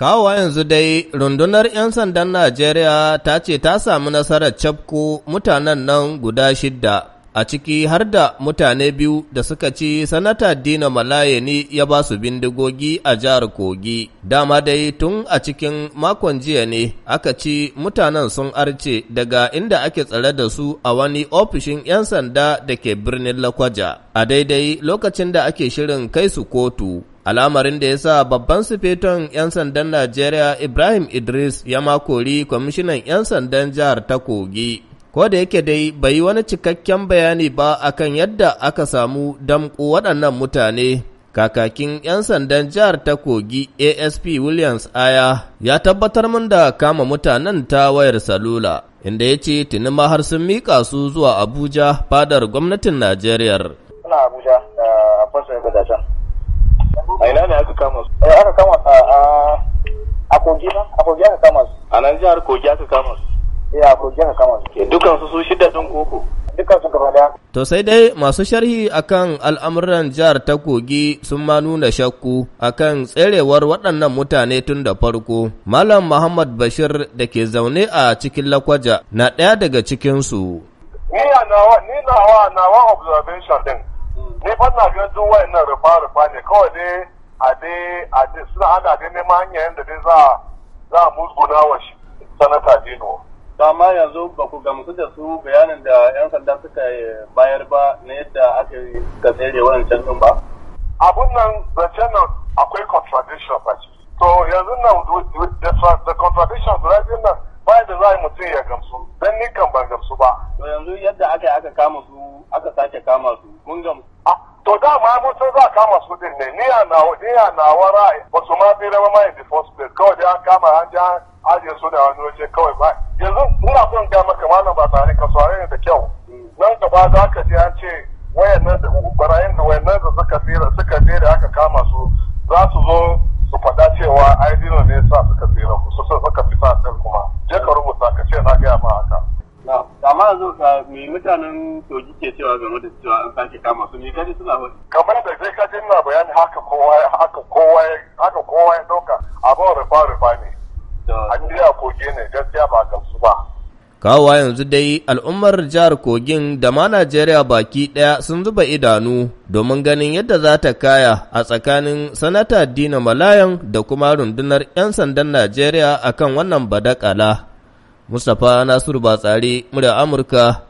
Kawo yanzu dai rundunar 'yan sandan Najeriya ta ce ta sami nasarar cafko mutanen nan guda shidda, a ciki har da mutane biyu da suka ci sanata Dina Malayeni ya ba su bindigogi a jihar Kogi. Dama dai tun a cikin makon jiya ne aka ci mutanen sun arce daga inda ake tsare da su a wani ofishin 'yan sanda da ke birnin Lakwaja, a daidai lokacin da ake shirin kai su kotu. al'amarin da ya sa babban sufeton 'yan sandan Najeriya Ibrahim Idris ya makori kwamishinan 'yan sandan jihar ta kogi. Ko da yake dai bai yi wani cikakken bayani ba akan yadda aka samu damƙo waɗannan mutane. Kakakin 'yan sandan jihar ta kogi ASP Williams Aya ya tabbatar min da kama mutanen ta wayar salula, inda ya ce tuni ma har sun miƙa su zuwa Abuja fadar gwamnatin Najeriya. Suna Abuja, eh, a a ina ne aka kama su eh aka kama a a kogi na a kogi aka kama su a nan jihar kogi aka kama su eh a kogi aka kama su eh, dukan su su shida din koko dukkan su gaba daya to sai dai masu sharhi akan al'amuran jihar ta kogi sun ma nuna shakku akan tserewar waɗannan mutane tun da farko malam muhammad bashir da ke zaune a cikin lakwaja na ɗaya daga cikinsu ni nawa nawa observation din ni fa na ga duk wayannan rufa rufa ne kawai dai a dai a dai suna hada dai neman hanyar yadda dai za za a musguna wa shi sanata Dino ma yanzu ba ku gamsu da su bayanin da 'yan sanda suka eh, bayar ba na yadda aka yi ka tsere wancan ba? Abun nan da nan akwai contradiction ba To yanzu nan the contradiction driving nan ba da za mutum ya gamsu don ni kan ban gamsu ba to yanzu yadda aka aka kama su aka sake kama su mun gamsu ah, to dama mun san za kama su din ne ni na nawa ra'ayi ba su ma fi rama ma in the first place kawai dai an kama an ja ajiye su da wani waje kawai ba yanzu muna son gama maka malam ba tare ka sware da kyau mm. nan gaba za me mutanen soji ke cewa game da cewa an sake kama su ne kaji suna hoti. kamar da zai kaji na bayani haka kowa haka kowa haka kowa ya dauka abin rufa rufa ne an biya koge ne gaskiya ba gamsu ba kawowa yanzu dai al'ummar jihar kogin da ma najeriya baki ɗaya sun zuba idanu domin ganin yadda za ta kaya a tsakanin sanata dina malayan da kuma rundunar 'yan sandan najeriya akan wannan badakala mustapha nasiru batsari murya amurka